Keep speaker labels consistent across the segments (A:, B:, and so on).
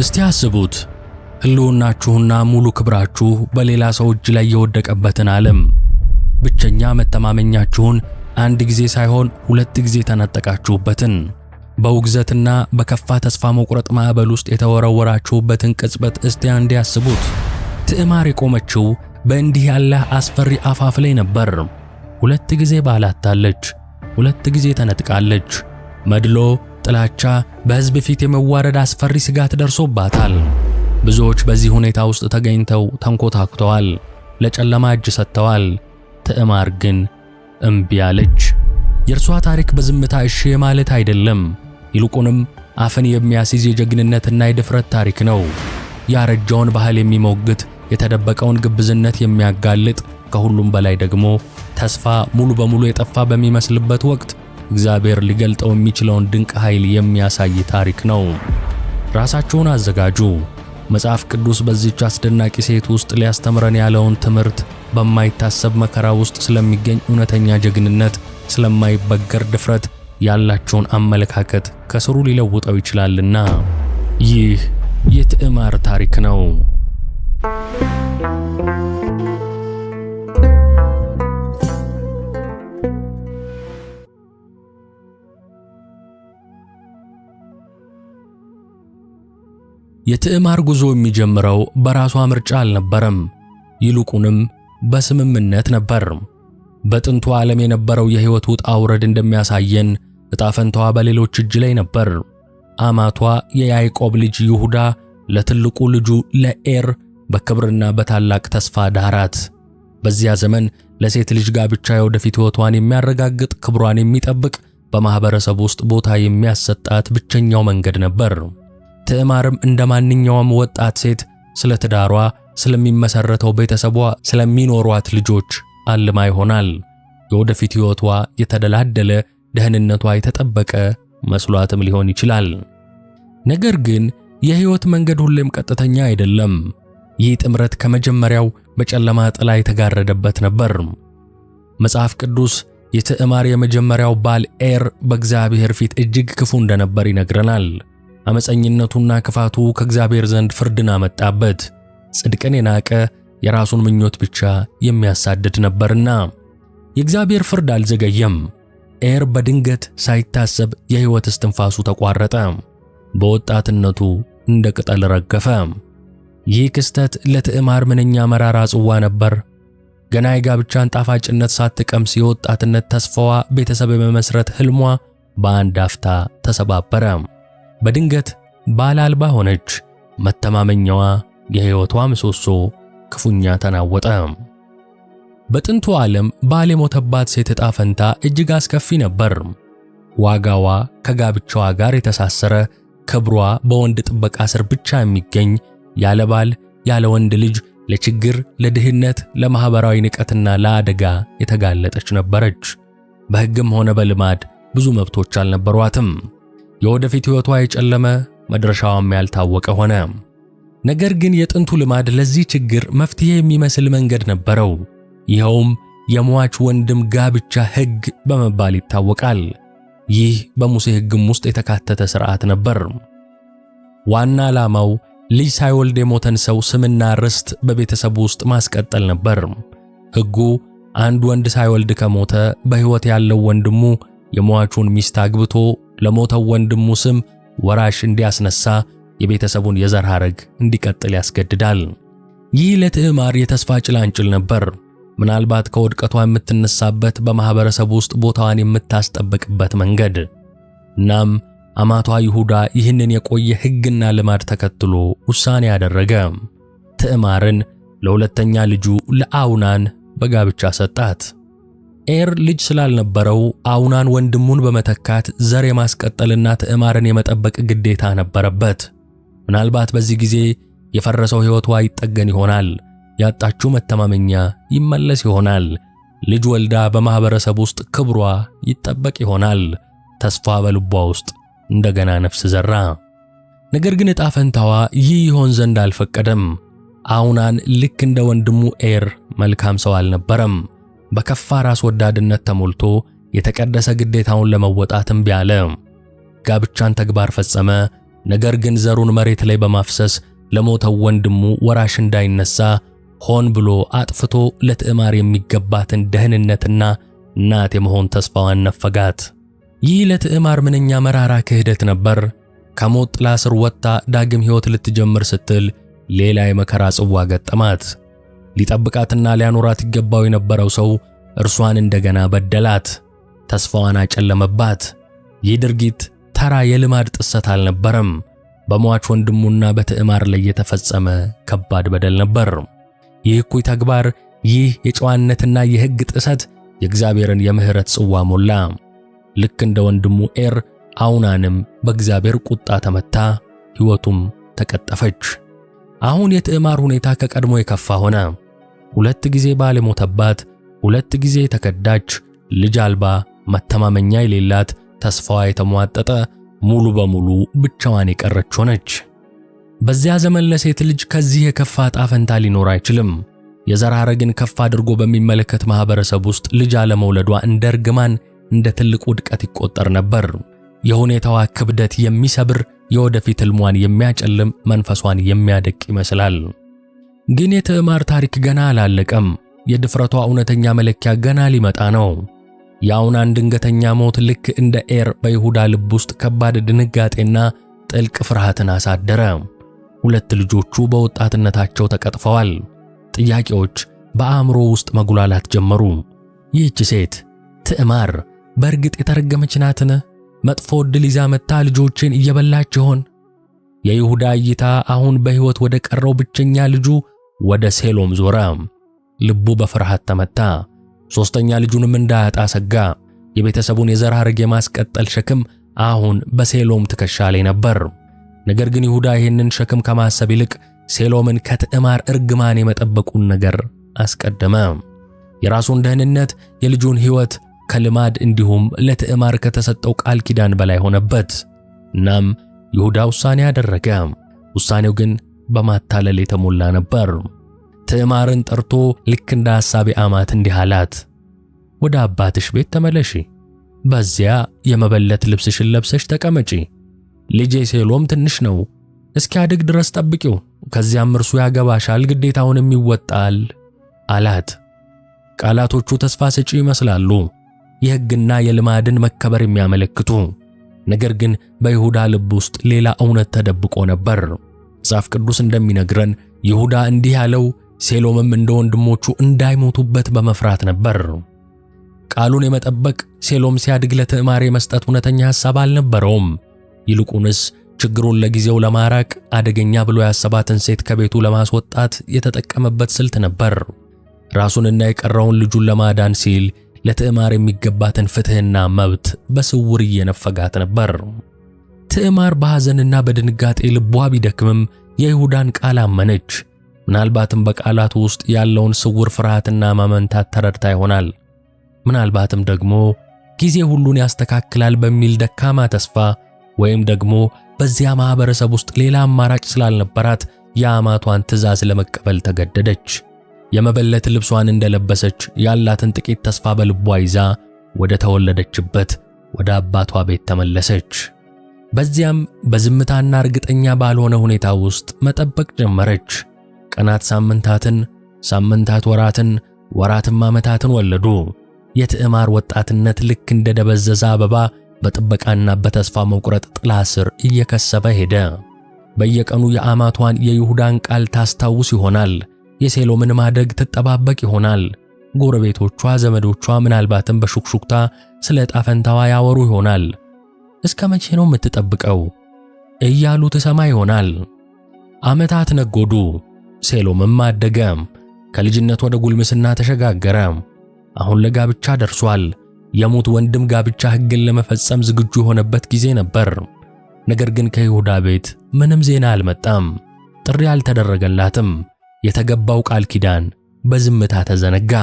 A: እስቲ አስቡት ህልውናችሁና ሙሉ ክብራችሁ በሌላ ሰው እጅ ላይ የወደቀበትን ዓለም። ብቸኛ መተማመኛችሁን አንድ ጊዜ ሳይሆን ሁለት ጊዜ ተነጠቃችሁበትን፣ በውግዘትና በከፋ ተስፋ መቁረጥ ማዕበል ውስጥ የተወረወራችሁበትን ቅጽበት እስቲ አንዴ ያስቡት። ትዕማር የቆመችው በእንዲህ ያለ አስፈሪ አፋፍ ላይ ነበር። ሁለት ጊዜ ባላታለች፣ ሁለት ጊዜ ተነጥቃለች። መድሎ ጥላቻ፣ በህዝብ ፊት የመዋረድ አስፈሪ ስጋት ደርሶባታል። ብዙዎች በዚህ ሁኔታ ውስጥ ተገኝተው ተንኮታኩተዋል፣ ለጨለማ እጅ ሰጥተዋል። ትዕማር ግን እምቢ አለች። የእርሷ ታሪክ በዝምታ እሺ የማለት አይደለም፣ ይልቁንም አፍን የሚያስይዝ የጀግንነትና የድፍረት ታሪክ ነው። ያረጃውን ባህል የሚሞግት የተደበቀውን ግብዝነት የሚያጋልጥ ከሁሉም በላይ ደግሞ ተስፋ ሙሉ በሙሉ የጠፋ በሚመስልበት ወቅት እግዚአብሔር ሊገልጠው የሚችለውን ድንቅ ኃይል የሚያሳይ ታሪክ ነው። ራሳችሁን አዘጋጁ። መጽሐፍ ቅዱስ በዚህች አስደናቂ ሴት ውስጥ ሊያስተምረን ያለውን ትምህርት በማይታሰብ መከራ ውስጥ ስለሚገኝ እውነተኛ ጀግንነት፣ ስለማይበገር ድፍረት ያላቸውን አመለካከት ከስሩ ሊለውጠው ይችላልና ይህ የትዕማር ታሪክ ነው። የትዕማር ጉዞ የሚጀምረው በራሷ ምርጫ አልነበረም፣ ይልቁንም በስምምነት ነበር። በጥንቱ ዓለም የነበረው የሕይወት ውጣ ውረድ እንደሚያሳየን ዕጣ ፈንታዋ በሌሎች እጅ ላይ ነበር። አማቷ የያዕቆብ ልጅ ይሁዳ ለትልቁ ልጁ ለኤር በክብርና በታላቅ ተስፋ ዳራት። በዚያ ዘመን ለሴት ልጅ ጋብቻ የወደፊት ሕይወቷን የሚያረጋግጥ ክብሯን የሚጠብቅ በማኅበረሰብ ውስጥ ቦታ የሚያሰጣት ብቸኛው መንገድ ነበር። ትዕማርም እንደ ማንኛውም ወጣት ሴት ስለ ትዳሯ፣ ስለሚመሰረተው ቤተሰቧ፣ ስለሚኖሯት ልጆች አልማ ይሆናል። የወደፊት ሕይወቷ የተደላደለ፣ ደህንነቷ የተጠበቀ መስሏትም ሊሆን ይችላል። ነገር ግን የሕይወት መንገድ ሁሌም ቀጥተኛ አይደለም። ይህ ጥምረት ከመጀመሪያው በጨለማ ጥላ የተጋረደበት ነበር። መጽሐፍ ቅዱስ የትዕማር የመጀመሪያው ባል ኤር በእግዚአብሔር ፊት እጅግ ክፉ እንደነበር ይነግረናል። ዓመፀኝነቱና ክፋቱ ከእግዚአብሔር ዘንድ ፍርድን አመጣበት። ጽድቅን የናቀ የራሱን ምኞት ብቻ የሚያሳድድ ነበርና የእግዚአብሔር ፍርድ አልዘገየም። ኤር በድንገት ሳይታሰብ የሕይወት እስትንፋሱ ተቋረጠ። በወጣትነቱ እንደ ቅጠል ረገፈ። ይህ ክስተት ለትዕማር ምንኛ መራራ ጽዋ ነበር። ገና የጋብቻን ጣፋጭነት ሳትቀምስ የወጣትነት ተስፋዋ፣ ቤተሰብ የመመስረት ህልሟ በአንድ አፍታ ተሰባበረ። በድንገት ባል አልባ ሆነች። መተማመኛዋ፣ የሕይወቷ ምሰሶ ክፉኛ ተናወጠ። በጥንቱ ዓለም ባል የሞተባት ሴት ዕጣ ፈንታ እጅግ አስከፊ ነበር። ዋጋዋ ከጋብቻዋ ጋር የተሳሰረ፣ ክብሯ በወንድ ጥበቃ ስር ብቻ የሚገኝ ያለ ባል ያለ ወንድ ልጅ ለችግር፣ ለድህነት፣ ለማህበራዊ ንቀትና ለአደጋ የተጋለጠች ነበረች። በሕግም ሆነ በልማድ ብዙ መብቶች አልነበሯትም። የወደፊት ሕይወቷ የጨለመ መድረሻዋም ያልታወቀ ሆነ። ነገር ግን የጥንቱ ልማድ ለዚህ ችግር መፍትሄ የሚመስል መንገድ ነበረው። ይኸውም የሟች ወንድም ጋብቻ ሕግ በመባል ይታወቃል። ይህ በሙሴ ሕግም ውስጥ የተካተተ ሥርዓት ነበር። ዋና ዓላማው ልጅ ሳይወልድ የሞተን ሰው ስምና ርስት በቤተሰቡ ውስጥ ማስቀጠል ነበር። ሕጉ አንድ ወንድ ሳይወልድ ከሞተ በሕይወት ያለው ወንድሙ የሟቹን ሚስት አግብቶ ለሞተው ወንድሙ ስም ወራሽ እንዲያስነሳ የቤተሰቡን የዘር ሐረግ እንዲቀጥል ያስገድዳል። ይህ ለትዕማር የተስፋ ጭላንጭል ነበር። ምናልባት ከውድቀቷ የምትነሳበት በማህበረሰብ ውስጥ ቦታዋን የምታስጠብቅበት መንገድ። እናም አማቷ ይሁዳ ይህንን የቆየ ሕግና ልማድ ተከትሎ ውሳኔ ያደረገ ትዕማርን ለሁለተኛ ልጁ ለአውናን በጋብቻ ሰጣት። ኤር ልጅ ስላልነበረው አውናን ወንድሙን በመተካት ዘር የማስቀጠልና ትዕማርን የመጠበቅ ግዴታ ነበረበት። ምናልባት በዚህ ጊዜ የፈረሰው ሕይወቷ ይጠገን ይሆናል፣ ያጣችው መተማመኛ ይመለስ ይሆናል፣ ልጅ ወልዳ በማኅበረሰብ ውስጥ ክብሯ ይጠበቅ ይሆናል። ተስፋ በልቧ ውስጥ እንደገና ነፍስ ዘራ። ነገር ግን ዕጣ ፈንታዋ ይህ ይሆን ዘንድ አልፈቀደም። አውናን ልክ እንደ ወንድሙ ኤር መልካም ሰው አልነበረም። በከፋ ራስ ወዳድነት ተሞልቶ የተቀደሰ ግዴታውን ለመወጣት እምቢ አለ። ጋብቻን ተግባር ፈጸመ። ነገር ግን ዘሩን መሬት ላይ በማፍሰስ ለሞተው ወንድሙ ወራሽ እንዳይነሳ ሆን ብሎ አጥፍቶ ለትዕማር የሚገባትን ደህንነትና እናት የመሆን ተስፋዋን ነፈጋት። ይህ ለትዕማር ምንኛ መራራ ክህደት ነበር። ከሞት ጥላ ስር ወጥታ ዳግም ሕይወት ልትጀምር ስትል ሌላ የመከራ ጽዋ ገጠማት። ሊጠብቃትና ሊያኖራት ይገባው የነበረው ሰው እርሷን እንደገና በደላት፣ ተስፋዋን አጨለመባት። ይህ ድርጊት ተራ የልማድ ጥሰት አልነበረም። በሟች ወንድሙና በትዕማር ላይ የተፈጸመ ከባድ በደል ነበር። ይህ እኩይ ተግባር፣ ይህ የጨዋነትና የሕግ ጥሰት የእግዚአብሔርን የምሕረት ጽዋ ሞላ። ልክ እንደ ወንድሙ ኤር አውናንም በእግዚአብሔር ቁጣ ተመታ፣ ሕይወቱም ተቀጠፈች። አሁን የትዕማር ሁኔታ ከቀድሞ የከፋ ሆነ። ሁለት ጊዜ ባል ሁለት ጊዜ ተከዳች ልጅ አልባ፣ መተማመኛ የሌላት፣ ተስፋዋ የተሟጠጠ፣ ሙሉ በሙሉ ብቻዋን የቀረች ሆነች። በዚያ ዘመን ለሴት ልጅ ከዚህ የከፋ ዕጣ ፈንታ ሊኖር አይችልም። የዘር ሐረግን ከፍ አድርጎ በሚመለከት ማህበረሰብ ውስጥ ልጅ አለመውለዷ እንደ እርግማን፣ እንደ ትልቅ ውድቀት ይቆጠር ነበር። የሁኔታዋ ክብደት የሚሰብር፣ የወደፊት ሕልሟን የሚያጨልም፣ መንፈሷን የሚያደቅ ይመስላል። ግን የትዕማር ታሪክ ገና አላለቀም። የድፍረቷ እውነተኛ መለኪያ ገና ሊመጣ ነው። የአውናን ድንገተኛ ሞት ልክ እንደ ኤር በይሁዳ ልብ ውስጥ ከባድ ድንጋጤና ጥልቅ ፍርሃትን አሳደረ። ሁለት ልጆቹ በወጣትነታቸው ተቀጥፈዋል። ጥያቄዎች በአእምሮ ውስጥ መጉላላት ጀመሩ። ይህች ሴት ትዕማር በእርግጥ የተረገመች ናትን? መጥፎ ዕድል ይዛ መጥታ ልጆችን እየበላች ይሆን? የይሁዳ እይታ አሁን በሕይወት ወደ ቀረው ብቸኛ ልጁ ወደ ሴሎም ዞረ። ልቡ በፍርሃት ተመታ። ሦስተኛ ልጁንም እንዳያጣ ሰጋ። የቤተሰቡን የዘር ሐረግ የማስቀጠል ሸክም አሁን በሴሎም ትከሻ ላይ ነበር። ነገር ግን ይሁዳ ይህንን ሸክም ከማሰብ ይልቅ ሴሎምን ከትዕማር እርግማን የመጠበቁን ነገር አስቀደመ። የራሱን ደህንነት፣ የልጁን ሕይወት ከልማድ እንዲሁም ለትዕማር ከተሰጠው ቃል ኪዳን በላይ ሆነበት። እናም ይሁዳ ውሳኔ አደረገ። ውሳኔው ግን በማታለል የተሞላ ነበር። ትዕማርን ጠርቶ ልክ እንደ ሐሳቤ አማት እንዲህ አላት፣ ወደ አባትሽ ቤት ተመለሺ፣ በዚያ የመበለት ልብስሽን ለብሰሽ ተቀመጪ። ልጄ ሴሎም ትንሽ ነው፣ እስኪያድግ ድረስ ጠብቂው፣ ከዚያም እርሱ ያገባሻል፣ ግዴታውንም ይወጣል አላት። ቃላቶቹ ተስፋ ሰጪ ይመስላሉ፣ የሕግና የልማድን መከበር የሚያመለክቱ ነገር ግን በይሁዳ ልብ ውስጥ ሌላ እውነት ተደብቆ ነበር። መጽሐፍ ቅዱስ እንደሚነግረን ይሁዳ እንዲህ ያለው ሴሎምም እንደ ወንድሞቹ እንዳይሞቱበት በመፍራት ነበር። ቃሉን የመጠበቅ ሴሎም ሲያድግ ለትዕማር የመስጠት እውነተኛ ሐሳብ አልነበረውም። ይልቁንስ ችግሩን ለጊዜው ለማራቅ አደገኛ ብሎ ያሰባትን ሴት ከቤቱ ለማስወጣት የተጠቀመበት ስልት ነበር። ራሱንና የቀረውን ልጁን ለማዳን ሲል ለትዕማር የሚገባትን ፍትሕና መብት በስውር እየነፈጋት ነበር። ትዕማር በሐዘንና በድንጋጤ ልቧ ቢደክምም የይሁዳን ቃል አመነች። ምናልባትም በቃላቱ ውስጥ ያለውን ስውር ፍርሃትና ማመንታት ተረድታ ይሆናል። ምናልባትም ደግሞ ጊዜ ሁሉን ያስተካክላል በሚል ደካማ ተስፋ ወይም ደግሞ በዚያ ማኅበረሰብ ውስጥ ሌላ አማራጭ ስላልነበራት የአማቷን ትዕዛዝ ለመቀበል ተገደደች። የመበለት ልብሷን እንደለበሰች ያላትን ጥቂት ተስፋ በልቧ ይዛ ወደ ተወለደችበት ወደ አባቷ ቤት ተመለሰች። በዚያም በዝምታና እርግጠኛ ባልሆነ ሁኔታ ውስጥ መጠበቅ ጀመረች። ቀናት ሳምንታትን፣ ሳምንታት ወራትን፣ ወራትም ዓመታትን ወለዱ። የትዕማር ወጣትነት ልክ እንደ ደበዘዘ አበባ በጥበቃና በተስፋ መቁረጥ ጥላ ስር እየከሰበ ሄደ። በየቀኑ የአማቷን የይሁዳን ቃል ታስታውስ ይሆናል። የሴሎምን ማደግ ትጠባበቅ ይሆናል። ጎረቤቶቿ፣ ዘመዶቿ ምናልባትም በሹክሹክታ ስለ ዕጣ ፈንታዋ ያወሩ ይሆናል። እስከ መቼ ነው የምትጠብቀው? እያሉ ትሰማ ይሆናል። ዓመታት ነጎዱ፣ ሴሎምም አደገ። ከልጅነት ወደ ጉልምስና ተሸጋገረ። አሁን ለጋብቻ ደርሷል። የሙት ወንድም ጋብቻ ሕግን ለመፈጸም ዝግጁ የሆነበት ጊዜ ነበር። ነገር ግን ከይሁዳ ቤት ምንም ዜና አልመጣም። ጥሪ አልተደረገላትም። የተገባው ቃል ኪዳን በዝምታ ተዘነጋ።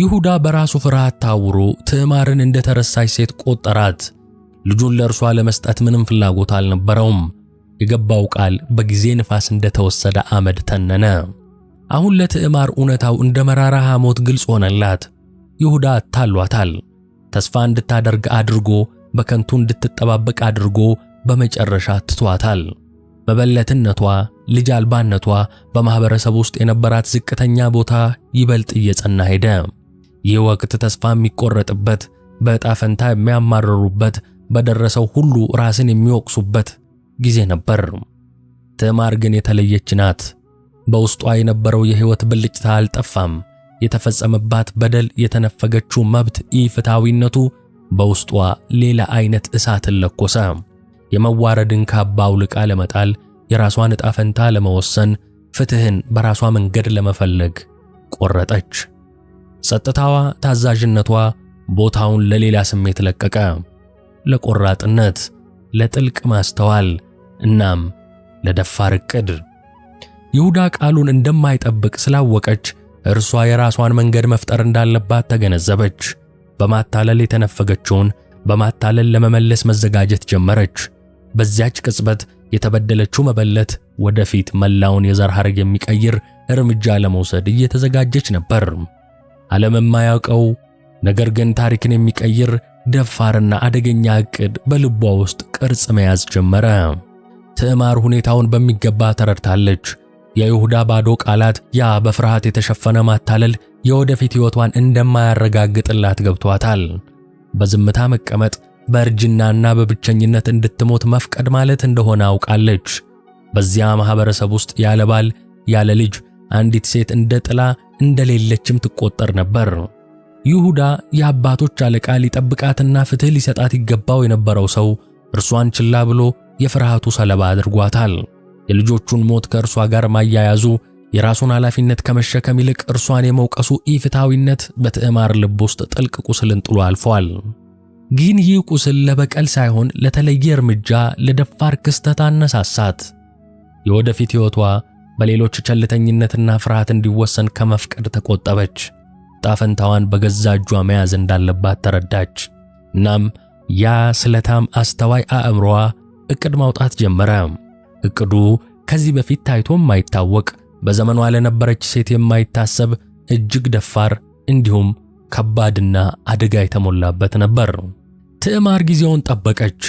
A: ይሁዳ በራሱ ፍርሃት ታውሮ ትዕማርን እንደተረሳች ሴት ቆጠራት። ልጁን ለእርሷ ለመስጠት ምንም ፍላጎት አልነበረውም። የገባው ቃል በጊዜ ንፋስ እንደተወሰደ አመድ ተነነ። አሁን ለትዕማር እውነታው እንደ መራራ ሐሞት ግልጽ ሆነላት። ይሁዳ አታሏታል። ተስፋ እንድታደርግ አድርጎ፣ በከንቱ እንድትጠባበቅ አድርጎ በመጨረሻ ትቷታል። መበለትነቷ፣ ልጅ አልባነቷ በማኅበረሰብ ውስጥ የነበራት ዝቅተኛ ቦታ ይበልጥ እየጸና ሄደ። ይህ ወቅት ተስፋ የሚቆረጥበት፣ በዕጣ ፈንታ የሚያማርሩበት በደረሰው ሁሉ ራስን የሚወቅሱበት ጊዜ ነበር። ትዕማር ግን የተለየች ናት። በውስጧ የነበረው የሕይወት ብልጭታ አልጠፋም። የተፈጸመባት በደል፣ የተነፈገችው መብት፣ ኢፍትሐዊነቱ በውስጧ ሌላ አይነት እሳትን ለኮሰ። የመዋረድን ካባ አውልቃ ለመጣል፣ የራሷን ዕጣ ፈንታ ለመወሰን፣ ፍትሕን በራሷ መንገድ ለመፈለግ ቆረጠች። ጸጥታዋ፣ ታዛዥነቷ ቦታውን ለሌላ ስሜት ለቀቀ። ለቆራጥነት፣ ለጥልቅ ማስተዋል እናም ለደፋር እቅድ ይሁዳ ቃሉን እንደማይጠብቅ ስላወቀች እርሷ የራሷን መንገድ መፍጠር እንዳለባት ተገነዘበች። በማታለል የተነፈገችውን በማታለል ለመመለስ መዘጋጀት ጀመረች። በዚያች ቅጽበት የተበደለችው መበለት ወደፊት መላውን የዘር ሐረግ የሚቀይር እርምጃ ለመውሰድ እየተዘጋጀች ነበር። ዓለም የማያውቀው ነገር ግን ታሪክን የሚቀይር ደፋርና አደገኛ እቅድ በልቧ ውስጥ ቅርጽ መያዝ ጀመረ። ትዕማር ሁኔታውን በሚገባ ተረድታለች። የይሁዳ ባዶ ቃላት፣ ያ በፍርሃት የተሸፈነ ማታለል የወደፊት ሕይወቷን እንደማያረጋግጥላት ገብቷታል። በዝምታ መቀመጥ በእርጅናና በብቸኝነት እንድትሞት መፍቀድ ማለት እንደሆነ አውቃለች። በዚያ ማህበረሰብ ውስጥ ያለ ባል ያለ ልጅ አንዲት ሴት እንደ ጥላ እንደሌለችም ትቆጠር ነበር። ይሁዳ የአባቶች አለቃ ሊጠብቃትና ፍትህ ሊሰጣት ይገባው የነበረው ሰው እርሷን ችላ ብሎ የፍርሃቱ ሰለባ አድርጓታል። የልጆቹን ሞት ከእርሷ ጋር ማያያዙ የራሱን ኃላፊነት ከመሸከም ይልቅ እርሷን የመውቀሱ ኢፍትሐዊነት በትዕማር ልብ ውስጥ ጥልቅ ቁስልን ጥሎ አልፏል። ግን ይህ ቁስል ለበቀል ሳይሆን ለተለየ እርምጃ፣ ለደፋር ክስተት አነሳሳት። የወደፊት ሕይወቷ በሌሎች ቸልተኝነትና ፍርሃት እንዲወሰን ከመፍቀድ ተቆጠበች። ጣፈንታዋን በገዛ እጇ መያዝ እንዳለባት ተረዳች። እናም ያ ስለታም አስተዋይ አእምሮዋ እቅድ ማውጣት ጀመረ። እቅዱ ከዚህ በፊት ታይቶ የማይታወቅ በዘመኗ ለነበረች ሴት የማይታሰብ እጅግ ደፋር እንዲሁም ከባድና አደጋ የተሞላበት ነበር። ትዕማር ጊዜውን ጠበቀች።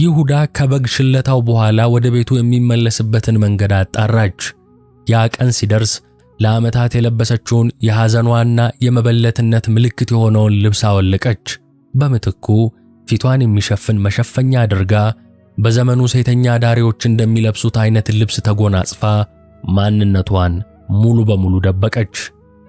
A: ይሁዳ ከበግ ሽለታው በኋላ ወደ ቤቱ የሚመለስበትን መንገድ አጣራች። ያ ቀን ሲደርስ ለዓመታት የለበሰችውን የሐዘኗና የመበለትነት ምልክት የሆነውን ልብስ አወለቀች። በምትኩ ፊቷን የሚሸፍን መሸፈኛ አድርጋ በዘመኑ ሴተኛ ዳሪዎች እንደሚለብሱት አይነት ልብስ ተጎናጽፋ ማንነቷን ሙሉ በሙሉ ደበቀች።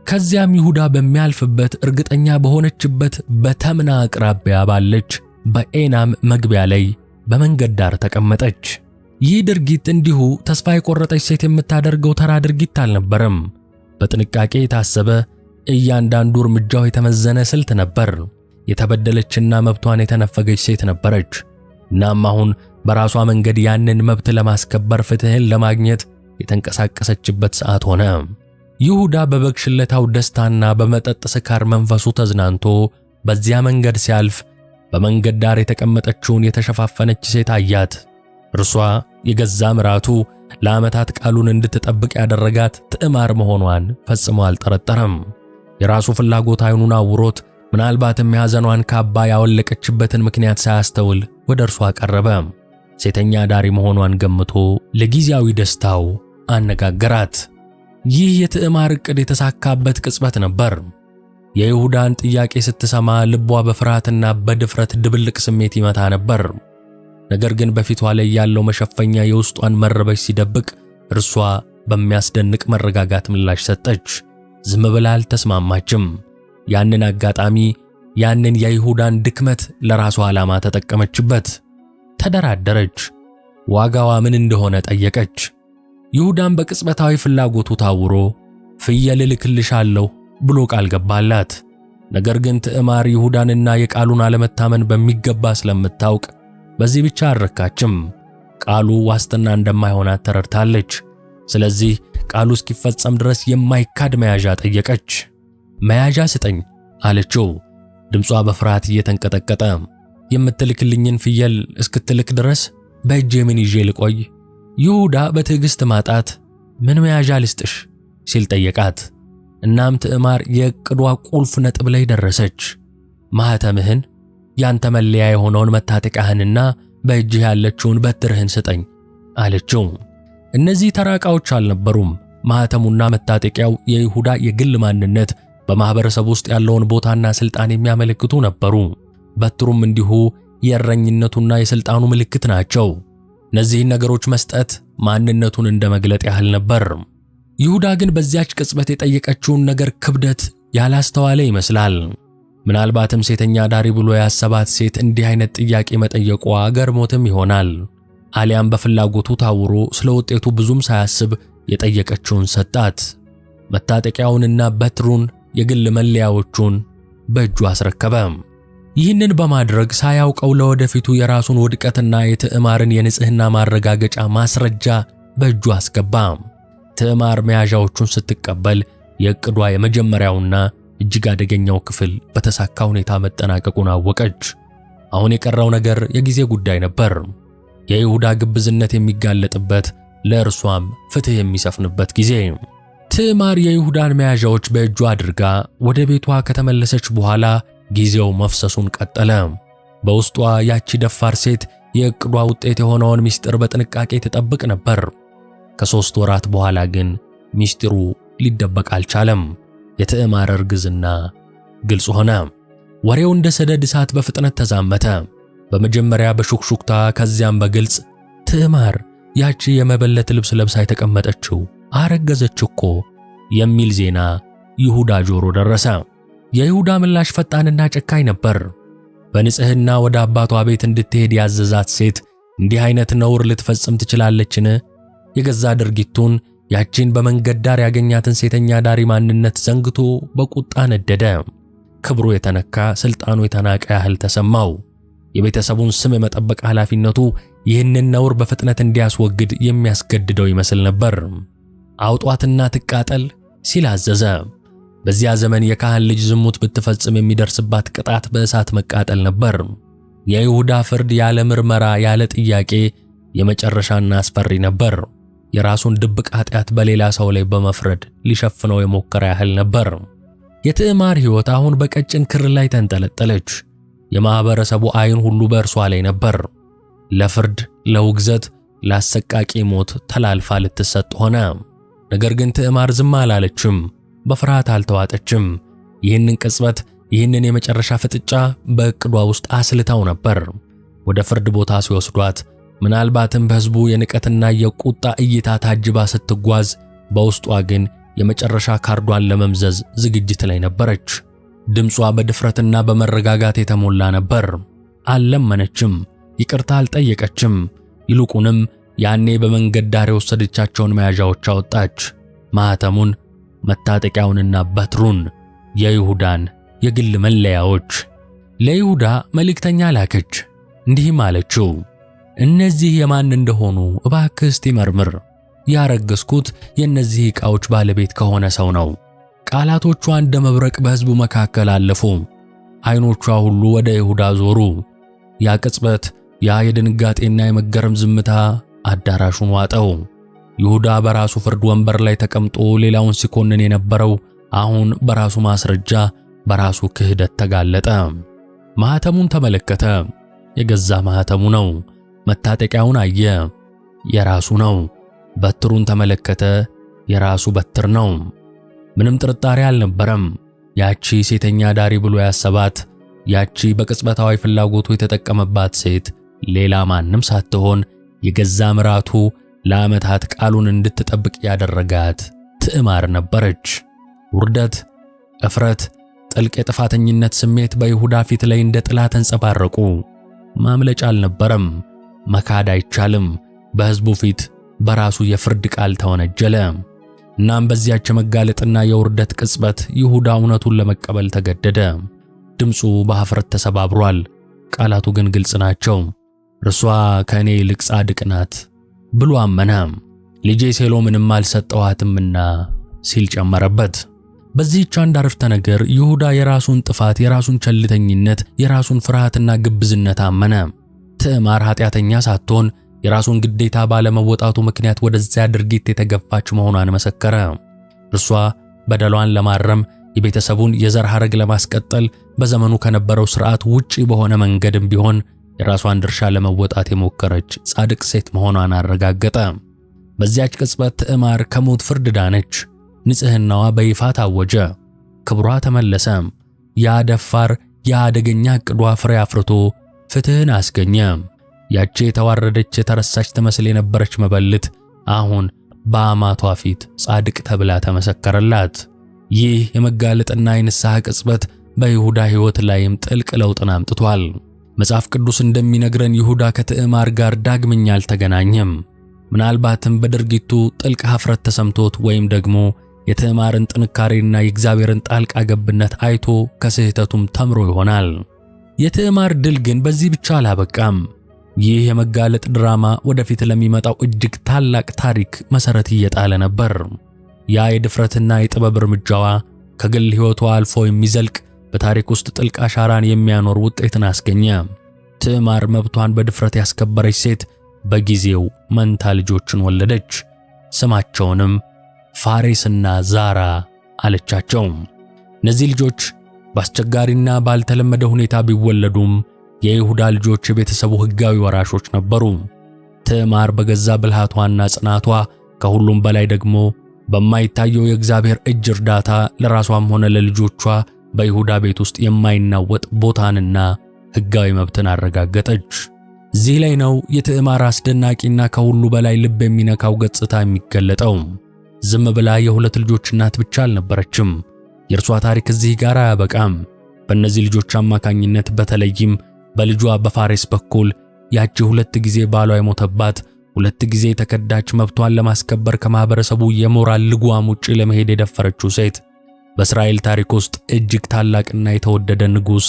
A: ከዚያም ይሁዳ በሚያልፍበት እርግጠኛ በሆነችበት በተምና አቅራቢያ ባለች በኤናም መግቢያ ላይ በመንገድ ዳር ተቀመጠች። ይህ ድርጊት እንዲሁ ተስፋ የቆረጠች ሴት የምታደርገው ተራ ድርጊት አልነበረም። በጥንቃቄ የታሰበ እያንዳንዱ እርምጃው የተመዘነ ስልት ነበር። የተበደለችና መብቷን የተነፈገች ሴት ነበረች። እናም አሁን በራሷ መንገድ ያንን መብት ለማስከበር ፍትህን ለማግኘት የተንቀሳቀሰችበት ሰዓት ሆነ። ይሁዳ በበክሽለታው ደስታና በመጠጥ ስካር መንፈሱ ተዝናንቶ በዚያ መንገድ ሲያልፍ በመንገድ ዳር የተቀመጠችውን የተሸፋፈነች ሴት አያት። እርሷ የገዛ ምራቱ ለዓመታት ቃሉን እንድትጠብቅ ያደረጋት ትዕማር መሆኗን ፈጽሞ አልጠረጠረም። የራሱ ፍላጎት ዓይኑን አውሮት ምናልባትም የሐዘኗን ካባ ያወለቀችበትን ምክንያት ሳያስተውል ወደ እርሷ ቀረበ። ሴተኛ ዳሪ መሆኗን ገምቶ ለጊዜያዊ ደስታው አነጋገራት። ይህ የትዕማር ዕቅድ የተሳካበት ቅጽበት ነበር። የይሁዳን ጥያቄ ስትሰማ ልቧ በፍርሃትና በድፍረት ድብልቅ ስሜት ይመታ ነበር። ነገር ግን በፊቷ ላይ ያለው መሸፈኛ የውስጧን መረበሽ ሲደብቅ እርሷ በሚያስደንቅ መረጋጋት ምላሽ ሰጠች። ዝም ብላ አልተስማማችም። ያንን አጋጣሚ፣ ያንን የይሁዳን ድክመት ለራሷ ዓላማ ተጠቀመችበት። ተደራደረች። ዋጋዋ ምን እንደሆነ ጠየቀች። ይሁዳን በቅጽበታዊ ፍላጎቱ ታውሮ ፍየል እልክልሻለሁ ብሎ ቃል ገባላት። ነገር ግን ትዕማር ይሁዳንና የቃሉን አለመታመን በሚገባ ስለምታውቅ በዚህ ብቻ አልረካችም። ቃሉ ዋስትና እንደማይሆናት ተረድታለች። ስለዚህ ቃሉ እስኪፈጸም ድረስ የማይካድ መያዣ ጠየቀች። መያዣ ስጠኝ አለችው፣ ድምጿ በፍርሃት እየተንቀጠቀጠ። የምትልክልኝን ፍየል እስክትልክ ድረስ በእጄ ምን ይዤ ልቆይ? ይሁዳ በትዕግሥት ማጣት ምን መያዣ ልስጥሽ ሲል ጠየቃት። እናም ትዕማር የእቅዷ ቁልፍ ነጥብ ላይ ደረሰች። ማኅተምህን ያንተ መለያ የሆነውን መታጠቂያህንና በእጅህ ያለችውን በትርህን ስጠኝ አለችው። እነዚህ ተራ ዕቃዎች አልነበሩም። ማኅተሙና መታጠቂያው የይሁዳ የግል ማንነት፣ በማኅበረሰብ ውስጥ ያለውን ቦታና ሥልጣን የሚያመለክቱ ነበሩ። በትሩም እንዲሁ የእረኝነቱና የሥልጣኑ ምልክት ናቸው። እነዚህን ነገሮች መስጠት ማንነቱን እንደ መግለጥ ያህል ነበር። ይሁዳ ግን በዚያች ቅጽበት የጠየቀችውን ነገር ክብደት ያላስተዋለ ይመስላል። ምናልባትም ሴተኛ አዳሪ ብሎ ያሰባት ሴት እንዲህ አይነት ጥያቄ መጠየቋ ገርሞትም ይሆናል። አሊያም በፍላጎቱ ታውሮ ስለ ውጤቱ ብዙም ሳያስብ የጠየቀችውን ሰጣት። መታጠቂያውንና በትሩን የግል መለያዎቹን በእጁ አስረከበ። ይህንን በማድረግ ሳያውቀው ለወደፊቱ የራሱን ውድቀትና የትዕማርን የንጽህና ማረጋገጫ ማስረጃ በእጁ አስገባ። ትዕማር መያዣዎቹን ስትቀበል የእቅዷ የመጀመሪያውና እጅግ አደገኛው ክፍል በተሳካ ሁኔታ መጠናቀቁን አወቀች። አሁን የቀረው ነገር የጊዜ ጉዳይ ነበር። የይሁዳ ግብዝነት የሚጋለጥበት ለእርሷም ፍትህ የሚሰፍንበት ጊዜ። ትዕማር የይሁዳን መያዣዎች በእጇ አድርጋ ወደ ቤቷ ከተመለሰች በኋላ ጊዜው መፍሰሱን ቀጠለ። በውስጧ ያቺ ደፋር ሴት የእቅዷ ውጤት የሆነውን ምስጢር በጥንቃቄ ትጠብቅ ነበር። ከሦስት ወራት በኋላ ግን ምስጢሩ ሊደበቅ አልቻለም። የትዕማር እርግዝና ግልጽ ሆነ። ወሬው እንደ ሰደድ እሳት በፍጥነት ተዛመተ። በመጀመሪያ በሹክሹክታ ከዚያም በግልጽ ትዕማር ያቺ የመበለት ልብስ ለብሳ የተቀመጠችው አረገዘች እኮ የሚል ዜና ይሁዳ ጆሮ ደረሰ። የይሁዳ ምላሽ ፈጣንና ጨካኝ ነበር። በንጽህና ወደ አባቷ ቤት እንድትሄድ ያዘዛት ሴት እንዲህ አይነት ነውር ልትፈጽም ትችላለችን? የገዛ ድርጊቱን ያቺን በመንገድ ዳር ያገኛትን ሴተኛ ዳሪ ማንነት ዘንግቶ በቁጣ ነደደ። ክብሩ የተነካ ሥልጣኑ የተናቀ ያህል ተሰማው። የቤተሰቡን ስም የመጠበቅ ኃላፊነቱ ይህንን ነውር በፍጥነት እንዲያስወግድ የሚያስገድደው ይመስል ነበር። አውጧትና ትቃጠል ሲል አዘዘ። በዚያ ዘመን የካህን ልጅ ዝሙት ብትፈጽም የሚደርስባት ቅጣት በእሳት መቃጠል ነበር። የይሁዳ ፍርድ ያለ ምርመራ ያለ ጥያቄ የመጨረሻና አስፈሪ ነበር። የራሱን ድብቅ ኃጢአት በሌላ ሰው ላይ በመፍረድ ሊሸፍነው የሞከረ ያህል ነበር። የትዕማር ሕይወት አሁን በቀጭን ክር ላይ ተንጠለጠለች። የማኅበረሰቡ ዐይን ሁሉ በእርሷ ላይ ነበር። ለፍርድ፣ ለውግዘት፣ ለአሰቃቂ ሞት ተላልፋ ልትሰጥ ሆነ። ነገር ግን ትዕማር ዝም አላለችም፣ በፍርሃት አልተዋጠችም። ይህንን ቅጽበት፣ ይህንን የመጨረሻ ፍጥጫ በእቅዷ ውስጥ አስልታው ነበር። ወደ ፍርድ ቦታ ሲወስዷት ምናልባትም በሕዝቡ የንቀትና የቁጣ እይታ ታጅባ ስትጓዝ፣ በውስጧ ግን የመጨረሻ ካርዷን ለመምዘዝ ዝግጅት ላይ ነበረች። ድምጿ በድፍረትና በመረጋጋት የተሞላ ነበር። አልለመነችም፣ ይቅርታ አልጠየቀችም። ይልቁንም ያኔ በመንገድ ዳር የወሰደቻቸውን መያዣዎች አወጣች። ማኅተሙን፣ መታጠቂያውንና በትሩን፣ የይሁዳን የግል መለያዎች ለይሁዳ መልእክተኛ ላከች። እንዲህም አለችው፦ እነዚህ የማን እንደሆኑ እባክህ እስቲ መርምር። ያረገዝኩት የእነዚህ ዕቃዎች ባለቤት ከሆነ ሰው ነው። ቃላቶቿ እንደ መብረቅ በሕዝቡ መካከል አለፉ። ዓይኖቿ ሁሉ ወደ ይሁዳ ዞሩ። ያ ቅጽበት፣ ያ የድንጋጤና የመገረም ዝምታ አዳራሹን ዋጠው። ይሁዳ በራሱ ፍርድ ወንበር ላይ ተቀምጦ ሌላውን ሲኮንን የነበረው አሁን በራሱ ማስረጃ፣ በራሱ ክህደት ተጋለጠ። ማኅተሙን ተመለከተ። የገዛ ማኅተሙ ነው። መታጠቂያውን አየ፣ የራሱ ነው። በትሩን ተመለከተ፣ የራሱ በትር ነው። ምንም ጥርጣሬ አልነበረም። ያቺ ሴተኛ ዳሪ ብሎ ያሰባት፣ ያቺ በቅጽበታዊ ፍላጎቱ የተጠቀመባት ሴት ሌላ ማንም ሳትሆን የገዛ ምራቱ ለዓመታት ቃሉን እንድትጠብቅ ያደረጋት ትዕማር ነበረች። ውርደት፣ እፍረት፣ ጥልቅ የጥፋተኝነት ስሜት በይሁዳ ፊት ላይ እንደ ጥላ ተንጸባረቁ። ማምለጫ አልነበረም። መካድ አይቻልም። በሕዝቡ ፊት በራሱ የፍርድ ቃል ተወነጀለ። እናም በዚያች የመጋለጥና የውርደት ቅጽበት ይሁዳ እውነቱን ለመቀበል ተገደደ። ድምፁ በኀፍረት ተሰባብሯል። ቃላቱ ግን ግልጽ ናቸው። እርሷ ከእኔ ይልቅ ጻድቅ ናት ብሎ አመነ። ልጄ ሴሎ ምንም አልሰጠዋትምና ሲል ጨመረበት። በዚህች አንድ አረፍተ ነገር ይሁዳ የራሱን ጥፋት፣ የራሱን ቸልተኝነት፣ የራሱን ፍርሃትና ግብዝነት አመነ። ትዕማር ኃጢአተኛ ሳትሆን የራሱን ግዴታ ባለመወጣቱ ምክንያት ወደዚያ ድርጊት የተገፋች መሆኗን መሰከረ። እርሷ በደሏን ለማረም የቤተሰቡን የዘር ሐረግ ለማስቀጠል በዘመኑ ከነበረው ሥርዓት ውጪ በሆነ መንገድም ቢሆን የራሷን ድርሻ ለመወጣት የሞከረች ጻድቅ ሴት መሆኗን አረጋገጠ። በዚያች ቅጽበት ትዕማር ከሞት ፍርድ ዳነች። ንጽህናዋ በይፋ ታወጀ፣ ክብሯ ተመለሰ። ያ ደፋር ያ አደገኛ ዕቅዷ ፍሬ አፍርቶ ፍትህን አስገኘ። ያቺ የተዋረደች የተረሳች ትመስል የነበረች መበልት አሁን በአማቷ ፊት ጻድቅ ተብላ ተመሰከረላት። ይህ የመጋለጥና የንስሐ ቅጽበት በይሁዳ ሕይወት ላይም ጥልቅ ለውጥን አምጥቷል። መጽሐፍ ቅዱስ እንደሚነግረን ይሁዳ ከትዕማር ጋር ዳግመኛ አልተገናኘም። ምናልባትም በድርጊቱ ጥልቅ ሐፍረት ተሰምቶት ወይም ደግሞ የትዕማርን ጥንካሬና የእግዚአብሔርን ጣልቃ ገብነት አይቶ ከስህተቱም ተምሮ ይሆናል። የትዕማር ድል ግን በዚህ ብቻ አላበቃም። ይህ የመጋለጥ ድራማ ወደፊት ለሚመጣው እጅግ ታላቅ ታሪክ መሠረት እየጣለ ነበር። ያ የድፍረትና የጥበብ እርምጃዋ ከግል ሕይወቷ አልፎ የሚዘልቅ በታሪክ ውስጥ ጥልቅ አሻራን የሚያኖር ውጤትን አስገኘ። ትዕማር መብቷን በድፍረት ያስከበረች ሴት በጊዜው መንታ ልጆችን ወለደች። ስማቸውንም ፋሬስና ዛራ አለቻቸው። እነዚህ ልጆች በአስቸጋሪና ባልተለመደ ሁኔታ ቢወለዱም የይሁዳ ልጆች የቤተሰቡ ሕጋዊ ወራሾች ነበሩ። ትዕማር በገዛ ብልሃቷና ጽናቷ ከሁሉም በላይ ደግሞ በማይታየው የእግዚአብሔር እጅ እርዳታ ለራሷም ሆነ ለልጆቿ በይሁዳ ቤት ውስጥ የማይናወጥ ቦታንና ሕጋዊ መብትን አረጋገጠች። እዚህ ላይ ነው የትዕማር አስደናቂና ከሁሉ በላይ ልብ የሚነካው ገጽታ የሚገለጠው። ዝም ብላ የሁለት ልጆች እናት ብቻ አልነበረችም። የእርሷ ታሪክ እዚህ ጋር አያበቃም። በእነዚህ ልጆች አማካኝነት በተለይም በልጇ በፋሬስ በኩል ያቺ ሁለት ጊዜ ባሏ የሞተባት ሁለት ጊዜ የተከዳች መብቷን ለማስከበር ከማህበረሰቡ የሞራል ልጓም ውጪ ለመሄድ የደፈረችው ሴት በእስራኤል ታሪክ ውስጥ እጅግ ታላቅና የተወደደ ንጉሥ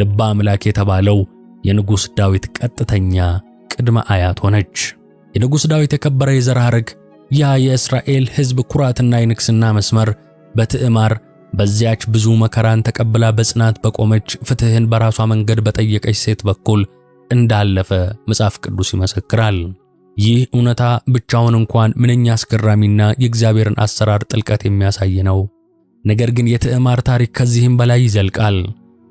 A: ልበ አምላክ የተባለው የንጉሥ ዳዊት ቀጥተኛ ቅድመ አያት ሆነች። የንጉሥ ዳዊት የከበረ የዘር ሐረግ ያ የእስራኤል ሕዝብ ኩራትና የንግሥና መስመር በትዕማር በዚያች ብዙ መከራን ተቀብላ በጽናት በቆመች ፍትህን በራሷ መንገድ በጠየቀች ሴት በኩል እንዳለፈ መጽሐፍ ቅዱስ ይመሰክራል። ይህ እውነታ ብቻውን እንኳን ምንኛ አስገራሚና የእግዚአብሔርን አሰራር ጥልቀት የሚያሳይ ነው። ነገር ግን የትዕማር ታሪክ ከዚህም በላይ ይዘልቃል።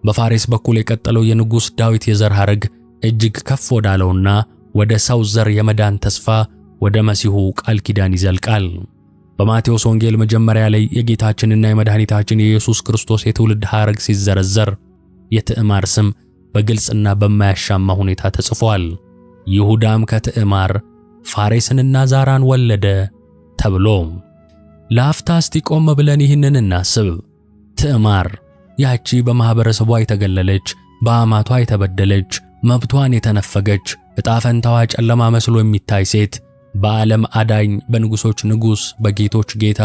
A: በፋሬስ በኩል የቀጠለው የንጉሥ ዳዊት የዘር ሐረግ እጅግ ከፍ ወዳለውና ወደ ሰው ዘር የመዳን ተስፋ ወደ መሲሁ ቃል ኪዳን ይዘልቃል። በማቴዎስ ወንጌል መጀመሪያ ላይ የጌታችንና የመድኃኒታችን የኢየሱስ ክርስቶስ የትውልድ ሐረግ ሲዘረዘር የትዕማር ስም በግልጽና በማያሻማ ሁኔታ ተጽፏል። ይሁዳም ከትዕማር ፋሬስንና ዛራን ወለደ ተብሎ። ለአፍታ እስቲ ቆም ብለን ይህንን እናስብ። ትዕማር ያቺ በማኅበረሰቧ የተገለለች፣ በአማቷ የተበደለች፣ መብቷን የተነፈገች፣ ዕጣ ፈንታዋ ጨለማ መስሎ የሚታይ ሴት በዓለም አዳኝ በንጉሶች ንጉስ በጌቶች ጌታ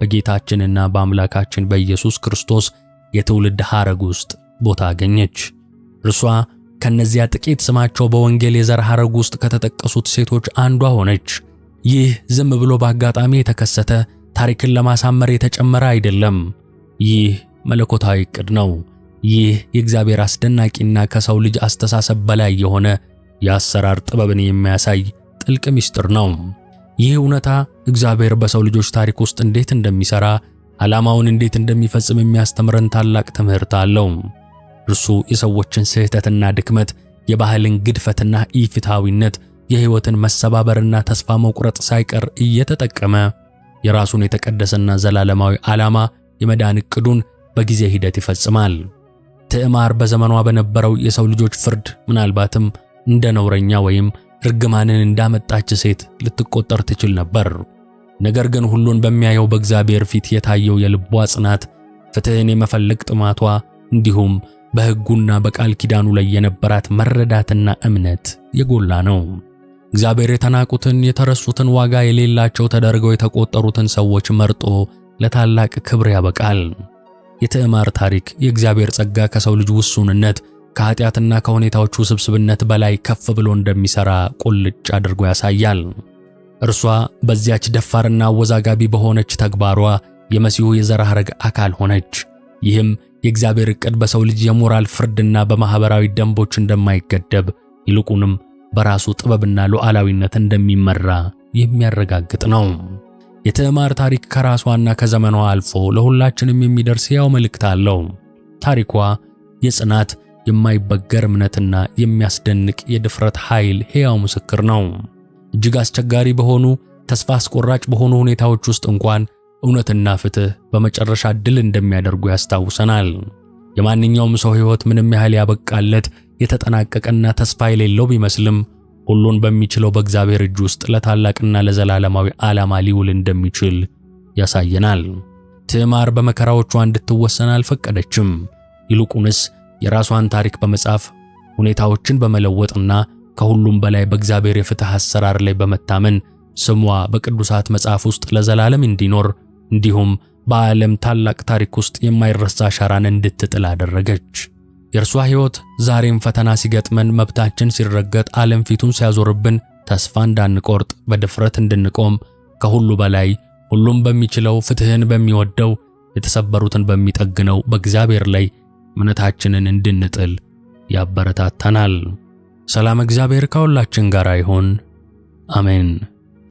A: በጌታችንና በአምላካችን በኢየሱስ ክርስቶስ የትውልድ ሐረግ ውስጥ ቦታ አገኘች። እርሷ ከነዚያ ጥቂት ስማቸው በወንጌል የዘር ሐረግ ውስጥ ከተጠቀሱት ሴቶች አንዷ ሆነች። ይህ ዝም ብሎ በአጋጣሚ የተከሰተ ታሪክን ለማሳመር የተጨመረ አይደለም። ይህ መለኮታዊ ዕቅድ ነው። ይህ የእግዚአብሔር አስደናቂና ከሰው ልጅ አስተሳሰብ በላይ የሆነ የአሰራር ጥበብን የሚያሳይ ጥልቅ ምስጢር ነው። ይህ እውነታ እግዚአብሔር በሰው ልጆች ታሪክ ውስጥ እንዴት እንደሚሰራ፣ ዓላማውን እንዴት እንደሚፈጽም የሚያስተምረን ታላቅ ትምህርት አለው። እርሱ የሰዎችን ስህተትና ድክመት፣ የባህልን ግድፈትና ኢፍትሐዊነት፣ የህይወትን መሰባበርና ተስፋ መቁረጥ ሳይቀር እየተጠቀመ የራሱን የተቀደሰና ዘላለማዊ ዓላማ የመዳን ዕቅዱን በጊዜ ሂደት ይፈጽማል። ትዕማር በዘመኗ በነበረው የሰው ልጆች ፍርድ ምናልባትም እንደ ነውረኛ ወይም ርግማንን እንዳመጣች ሴት ልትቆጠር ትችል ነበር። ነገር ግን ሁሉን በሚያየው በእግዚአብሔር ፊት የታየው የልቧ ጽናት፣ ፍትሕን የመፈለግ ጥማቷ፣ እንዲሁም በሕጉና በቃል ኪዳኑ ላይ የነበራት መረዳትና እምነት የጎላ ነው። እግዚአብሔር የተናቁትን፣ የተረሱትን፣ ዋጋ የሌላቸው ተደርገው የተቆጠሩትን ሰዎች መርጦ ለታላቅ ክብር ያበቃል። የትዕማር ታሪክ የእግዚአብሔር ጸጋ ከሰው ልጅ ውሱንነት ከኃጢአትና ከሁኔታዎቹ ስብስብነት በላይ ከፍ ብሎ እንደሚሠራ ቁልጭ አድርጎ ያሳያል። እርሷ በዚያች ደፋርና አወዛጋቢ በሆነች ተግባሯ የመሲሁ የዘር ሐረግ አካል ሆነች። ይህም የእግዚአብሔር ዕቅድ በሰው ልጅ የሞራል ፍርድና በማኅበራዊ ደንቦች እንደማይገደብ ይልቁንም በራሱ ጥበብና ሉዓላዊነት እንደሚመራ የሚያረጋግጥ ነው። የትዕማር ታሪክ ከራሷና ከዘመኗ አልፎ ለሁላችንም የሚደርስ ያው መልእክት አለው። ታሪኳ የጽናት የማይበገር እምነትና የሚያስደንቅ የድፍረት ኃይል ሕያው ምስክር ነው። እጅግ አስቸጋሪ በሆኑ ተስፋ አስቆራጭ በሆኑ ሁኔታዎች ውስጥ እንኳን እውነትና ፍትህ በመጨረሻ ድል እንደሚያደርጉ ያስታውሰናል። የማንኛውም ሰው ሕይወት ምንም ያህል ያበቃለት የተጠናቀቀና ተስፋ የሌለው ቢመስልም ሁሉን በሚችለው በእግዚአብሔር እጅ ውስጥ ለታላቅና ለዘላለማዊ ዓላማ ሊውል እንደሚችል ያሳየናል። ትዕማር በመከራዎቿ እንድትወሰን አልፈቀደችም። ይልቁንስ የራሷን ታሪክ በመጻፍ ሁኔታዎችን በመለወጥና ከሁሉም በላይ በእግዚአብሔር የፍትህ አሰራር ላይ በመታመን ስሟ በቅዱሳት መጽሐፍ ውስጥ ለዘላለም እንዲኖር እንዲሁም በዓለም ታላቅ ታሪክ ውስጥ የማይረሳ አሻራን እንድትጥል አደረገች። የእርሷ ሕይወት ዛሬም ፈተና ሲገጥመን፣ መብታችን ሲረገጥ፣ ዓለም ፊቱን ሲያዞርብን ተስፋ እንዳንቆርጥ በድፍረት እንድንቆም ከሁሉ በላይ ሁሉም በሚችለው ፍትህን በሚወደው የተሰበሩትን በሚጠግነው በእግዚአብሔር ላይ እምነታችንን እንድንጥል ያበረታታናል። ሰላም እግዚአብሔር ከሁላችን ጋር ይሁን። አሜን።